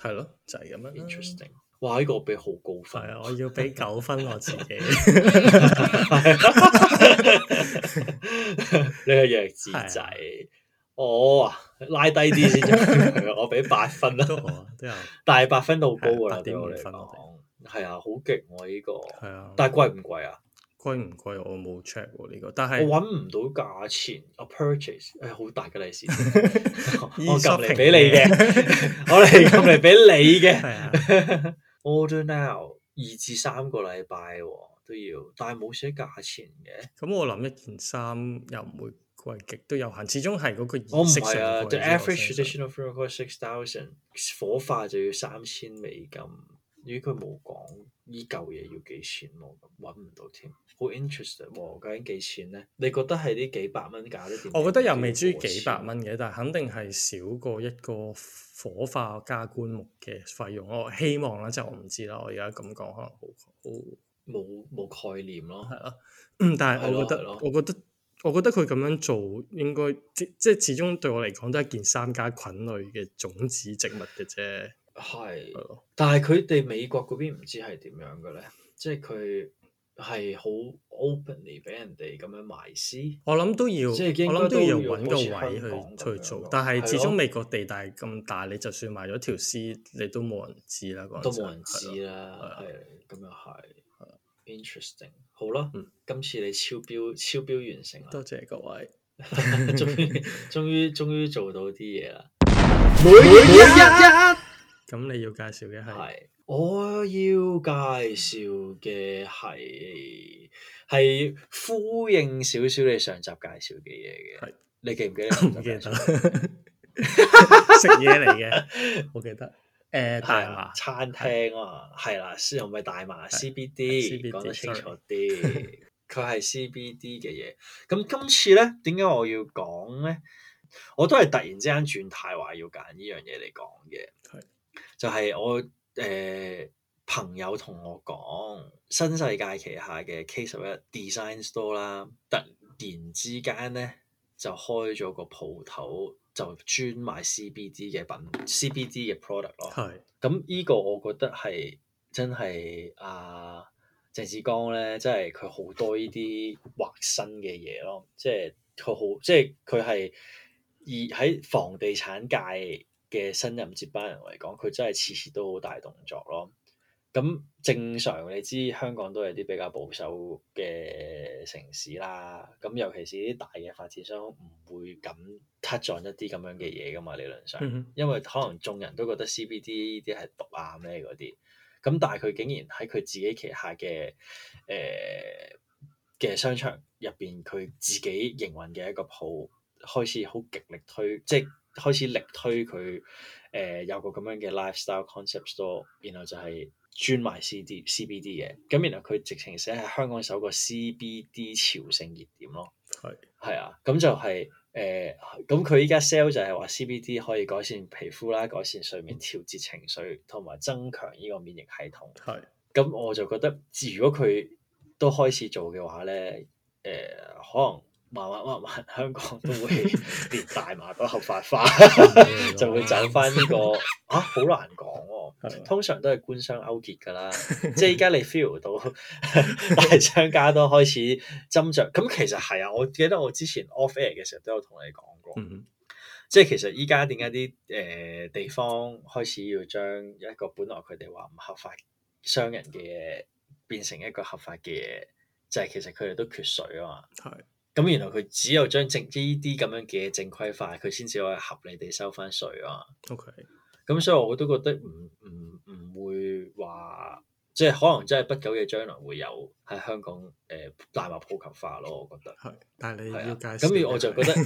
係咯，就係、是、咁樣。Interesting。哇，呢、這個我俾好高分啊！我要俾九分我自己。你個弱智仔，我啊拉低啲先。我俾八分啦，都 好，都好。 但係八分都好高噶啦，對我嚟講。係啊，好勁我呢個。係啊。但係貴唔貴啊？貴唔貴？我冇 check 呢個，但係我搵唔到價錢。我 purchase，誒，好大嘅利是，我夾嚟俾你嘅，我嚟夾嚟俾你嘅。Order now，二至三個禮拜都要，但係冇寫價錢嘅。咁我諗一件衫又唔會貴，極都有限，始終係嗰個。我唔係啊，the average traditional funeral six thousand，火化就要三千美金。如果佢冇講呢嚿嘢要幾錢，我揾唔到添。好 interesting 喎、哦，究竟幾錢咧？你覺得係呢幾百蚊價啲？我覺得又未至於幾百蚊嘅，但係肯定係少過一個火化加棺木嘅費用。我希望啦，即係我唔知啦。我而家咁講可能好好冇冇概念咯，係咯。但係我，我覺得，我覺得，我覺得佢咁樣做應該即即係始終對我嚟講都係一件三加菌類嘅種子植物嘅啫。係，但係佢哋美國嗰邊唔知係點樣嘅呢？即係佢係好 openly 俾人哋咁樣埋屍，我諗都要，我諗都要揾個位去個位去做，但係始終美國地大咁大，你就算埋咗條屍，你都冇人知啦，都冇人知啦，係的，咁又係，interesting，好啦，嗯，今次你超標超標完成，多謝各位， 終於終於終於做到啲嘢啦，每日 每一。咁你要介紹嘅係，我要介紹嘅係係呼應少少你上集介紹嘅嘢嘅。的你記唔記得？唔記得，食嘢嚟嘅， 我記得。誒、欸、大麻餐廳啊，係啦的，先又咪大麻的 CBD，講得清楚啲。佢係 CBD 嘅嘢。咁今次咧，點解我要講咧？我都係突然之間轉態，話要揀呢樣嘢嚟講嘅。係。就係我誒、呃、朋友同我講，新世界旗下嘅 K11 Design Store 啦，突然之間咧就開咗個鋪頭，就專賣 CBD 嘅品，CBD 嘅 product 咯。係是。咁呢個我覺得係真係啊，鄭志剛咧，真係佢好多呢啲劃新嘅嘢咯，即係佢好，即係佢係而喺房地產界嘅新任接班人嚟講，佢真係次次都好大動作咯。咁正常你知香港都係啲比較保守嘅城市啦。咁尤其是啲大嘅發展商唔會咁 cut 咗一啲咁樣嘅嘢噶嘛。理論上，因為可能眾人都覺得 CBD 呢啲係毒眼咧嗰啲。咁但係佢竟然喺佢自己旗下嘅誒嘅商場入邊，佢自己營運嘅一個鋪開始好極力推，即開始力推佢誒、呃、有個咁樣嘅 lifestyle concept store，然後就係專賣 CBD CBD 嘅，咁然後佢直情寫係香港首個 CBD 朝聖熱點咯。係係是啊，咁就係、是、誒，咁佢依家 sell 就係話 CBD 可以改善皮膚啦，改善睡眠、調節情緒同埋增強呢個免疫系統。係是，咁我就覺得，如果佢都開始做嘅話咧，誒、呃、可能。慢慢慢慢，香港都會連大麻都合法化， 就會賺翻呢個 啊，好難講、啊。 通常都係官商勾結噶啦， 即係依家你 feel 到， 大商家都開始斟酌。咁其實係啊，我記得我之前 off air 嘅時候都有同你講過，mm hmm. 即係其實依家點解啲誒地方開始要將一個本來佢哋話唔合法商人嘅嘢變成一個合法嘅嘢，就係、是、其實佢哋都缺水啊嘛。 咁原來佢只有將正呢啲咁樣嘅正規化，佢先至可以合理地收翻稅啊。OK，咁、嗯、所以我都覺得唔唔唔會話，即係可能真係不久嘅將來會有喺香港誒、呃、大麻普及化咯。我覺得係，但係你要介紹咁，我就覺得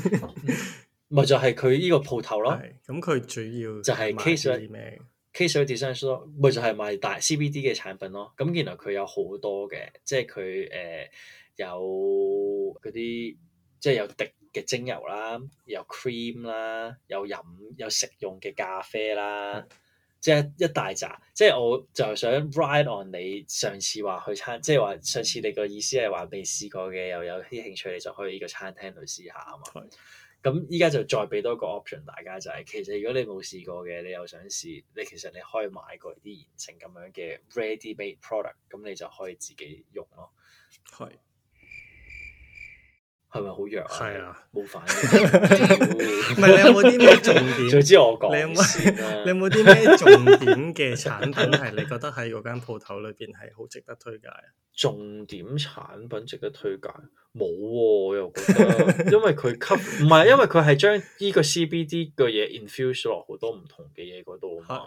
咪、 嗯、就係佢呢個鋪頭咯。咁佢主要就係 case 咩 case design 咯，咪就係賣大 CBD 嘅產品咯。咁、嗯、原來佢有好多嘅，即係佢誒。呃有嗰啲即係有滴嘅精油啦，有 cream 啦，有飲有食用嘅咖啡啦、嗯，即係一大扎。即係我就想 ride on 你上次話去餐，即係話上次你個意思係話未試過嘅又有啲興趣，你就可以呢個餐廳度試下啊嘛。係。咁依家就再俾多個 option 大家，就係，其實如果你冇試過嘅，你又想試，你其實你可以買個啲現成咁樣嘅 ready made product，咁你就可以自己用咯。係。係咪好弱啊？係是啊，冇反應。唔係你有冇啲咩重點？知我講。你有冇啲咩重點嘅產品係你覺得喺嗰間鋪頭裏邊係好值得推介？ 重點產品值得推介冇喎，啊，我又覺得因， 因為佢吸唔係，因為佢係將呢個 CBD 嘅嘢 infuse 落好多唔同嘅嘢嗰度。係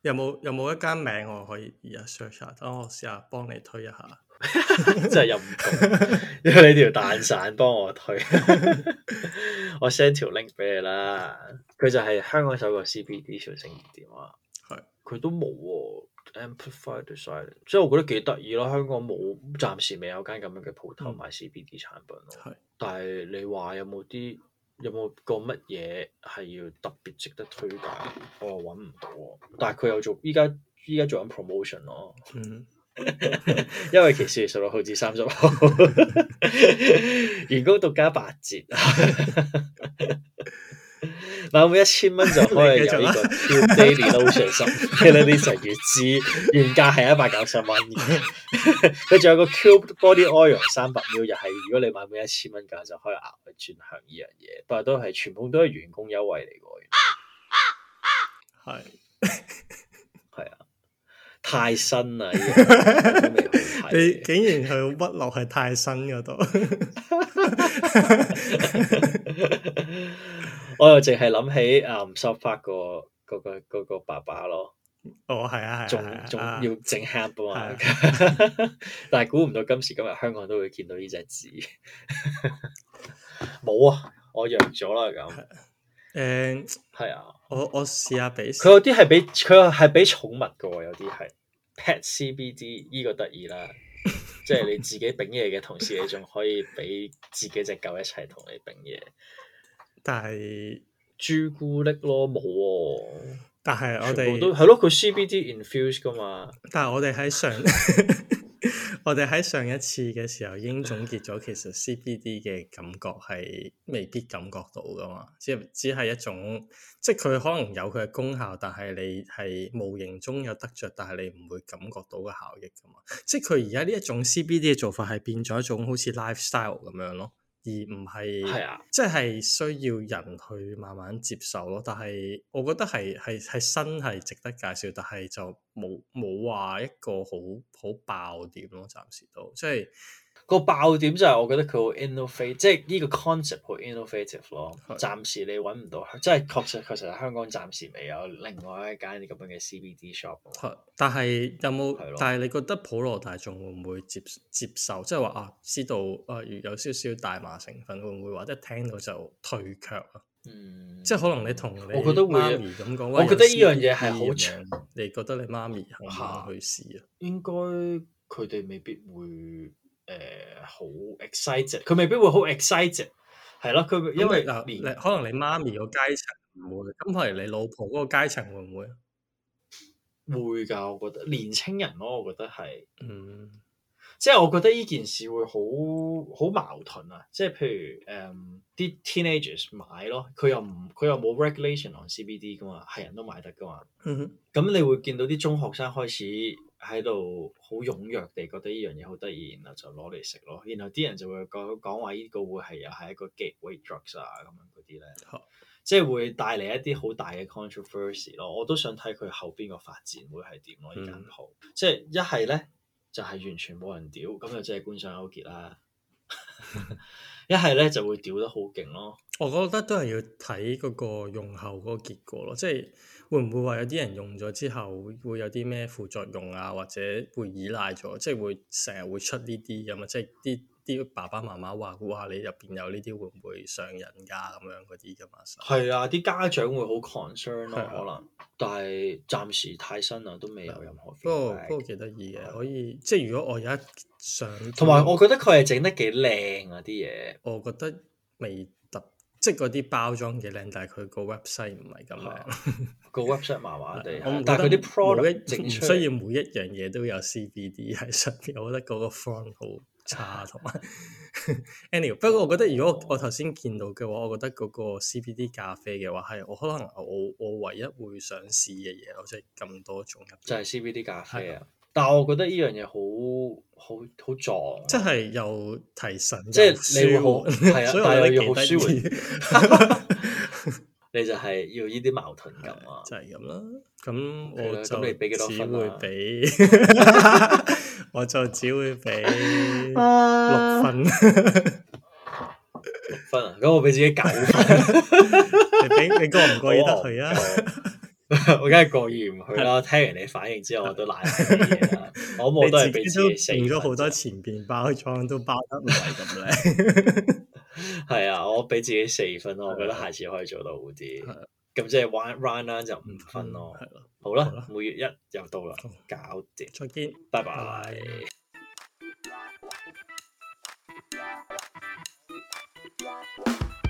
有冇有冇一間名我可以而家 search 下？等我試下幫你推一下。 真係又唔同，因為你條蛋散幫我推 我，我 send 條 link 俾你啦。佢就係香港首個 CBD 潮聖店啊，係佢都冇喎。Amplifier Designer，所以我覺得幾得意咯。香港冇，暫時未有間咁樣嘅鋪頭賣 CBD 產品咯。是但係你話有冇啲有冇個乜嘢係要特別值得推介？我又揾唔到，但係佢有做，依家依家做緊 promotion 咯。嗯 因為其實十六號至三十號員工獨家八折，買滿一千蚊就可以有呢個 Cube Daily Lotion，呢啲成月資原價係 一百九十蚊，佢仲有個 Cube Body Oil 三百 ml 又係，如果你買滿一千蚊價就可以額外轉向呢樣嘢，不過都係全部都係員工優惠嚟嘅。係係 啊。太新啦！ 你竟然去屈落喺太新嗰度， 我又淨係諗起阿吳淑芳個嗰個嗰個爸爸咯。哦，係啊，係仲仲要整香噃啊！但係估唔到今時今日香港都會見到呢隻字，冇 啊！我弱咗啦咁。誒，係啊、嗯嗯，我我試下俾佢有啲係俾佢係俾寵物噶喎，有啲係 pet CBD 呢個得意啦，即係你自己頂嘢嘅同時，你仲可以俾自己隻狗一齊同你頂嘢。但係是朱古力咯冇，哦、但係我哋都係咯，佢 CBD infused 噶嘛。但係我哋喺上。 我哋喺上一次嘅時候已經總結咗，其實 CBD 嘅感覺係未必感覺到噶嘛，即係只係一種，即係佢可能有佢嘅功效，但係你係無形中有得着，但係你唔會感覺到個效益噶嘛。即係佢而家呢一種 CBD 嘅做法係變咗一種好似 lifestyle 咁樣咯。而唔係，啊、即係需要人去慢慢接受咯。但係，我覺得係係係真係值得介紹，但係就冇冇話一個好好爆點咯。暫時都即係。個爆點就係我覺得佢好 innovative，即係呢個 concept 好 innovative 咯，係。暫時你揾唔到，即係確實確實喺香港暫時未有另外一間咁樣嘅 CBD shop。但係有冇？但係你覺得普羅大眾會唔會接接受？即係話啊，知道誒、啊，有少少大麻成分會唔會話即係聽到就退卻啊？嗯、即係可能你同你媽咪咁講，我覺得呢樣嘢係好長。覺你覺得你媽咪肯唔肯去試啊？應該佢哋未必會。誒，好、uh, excited，佢未必會好 excited，係咯，佢因為嗱，可能你媽咪個階層唔會，咁譬如你老婆嗰個階層會唔會？會噶，我覺得年青人咯、啊，我覺得係，嗯，即係我覺得呢件事會好好矛盾啊，即係譬如誒，啲、嗯、teenagers 買咯，佢又唔佢又冇 regulation on CBD 噶嘛，係人都買得噶嘛，嗯哼，咁你會見到啲中學生開始。喺度好踴躍地覺得呢樣嘢好得意，然後就攞嚟食咯。然後啲人就會講講話呢個會係又係一個 gateway drugs 啊咁樣嗰啲咧，好即係會帶嚟一啲好大嘅 controversy 咯。我都想睇佢後邊個發展會係點咯。呢間舖，即係一係咧就係完全冇人屌，咁就即係觀賞 ok 啦。 一係咧就會屌得好勁咯，我覺得都係要睇嗰個用後嗰個結果咯，即係會唔會話有啲人用咗之後會有啲咩副作用啊，或者會依賴咗，即係會成日會出呢啲咁啊，即係啲。啲爸爸媽媽話：話你入邊有呢啲，會唔會上癮㗎？咁樣嗰啲噶嘛？係啊，啲家長會好 concern 咯的，可能。但係暫時太新啦，都未有任何。嗰、嗯嗰個不、嗰個幾得意嘅，的可以即係如果我而家上。同埋我覺得佢係整得幾靚啊！啲嘢我覺得未特，即係嗰啲包裝幾靚，但係佢個 website 唔係咁樣。個 website 麻麻地，但係佢啲 product 唔需要每一樣嘢都有 CBD 喺上邊。我覺得嗰個 front 好。茶同埋 anyway，不過我覺得如果我頭先見到嘅話，哦、我覺得嗰個 CBD 咖啡嘅話係我可能我我唯一會想試嘅嘢，好似咁多種就係 CBD 咖啡啊！的但係我覺得呢樣嘢好好好撞，即係又提神，即係你會好，係啊，所以的 你會 要好舒緩。 你就係要呢啲矛盾咁啊，就係咁啦。咁我咁你俾幾多分啊？只會俾，我就只會俾六 分。六分啊？咁 我俾自己九分。 你你過唔過意得去啊？我梗係過意唔去啦。 聽完你反應之後，我都難。 我冇都係俾自己見咗好多前邊包裝都包得唔係咁靚。 係啊， 我俾自己四分咯，我覺得下次可以做到好啲。咁的即係玩一 round 啦，就五分咯。好啦吧，好吧每月一又到啦，吧搞掂定。再見，拜拜 bye。